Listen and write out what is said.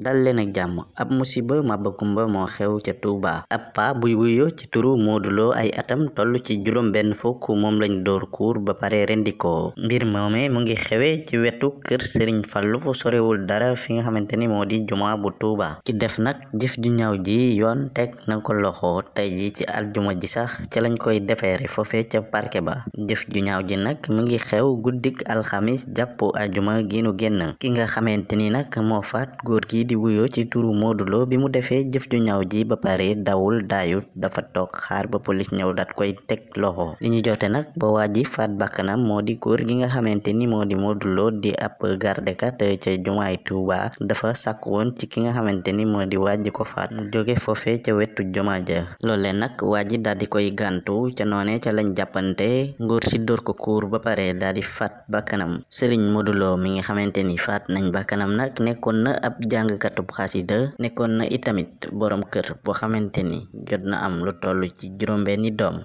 dal leen ak jàmm ab musiba mabakumba moo xew ca Touba ab pa buy wuyo ci turu Modou ay atam toll ci juróom benn fukk moom lañ door kuur ba pare rendikoo mbir moome mu ngi xewe ci wetu kër sëriñ Fallou fu sorewul dara fi nga xamante ni moo di juma bu Touba ki def nag jëf ju ñaw ji yoon teg na ko loxo tey ji ci aljuma ji sax ca lañ koy defeere foofe ca parke ba jëf ju ñaaw ji nag mu ngi xew guddik alxamis jàpp aljuma gi nu génn ki nga xamante ni nag moo faat góor gi bi di wuyoo ci turu Modou Lo bi mu defee jëf ju ñaaw ji ba pare dawul daayut dafa toog xaar ba polis ñëw daat koy teg loxo li ñu jote nag ba waa ji faat bakkanam moo di góor gi nga xamante ni moo di Modou Lo di ab gardekat ca jumaay Tuuba dafa sàkk woon ci ki nga xamante ni moo di waa ko fat mu jóge foofe ca wetu jumaa ja loole nag waa ji daal di koy gàntu ca noone ca lañ jàppante ngóor si dóor ko kuur ba pare daal di faat bakkanam Sëriñ Modou Lo mi ni faat nañ bakkanam nag nekkoon na ab jàngkatub xasida nekkoon na itamit boroom kër boo xamante ni jot na am lu toll ci juróom benni doom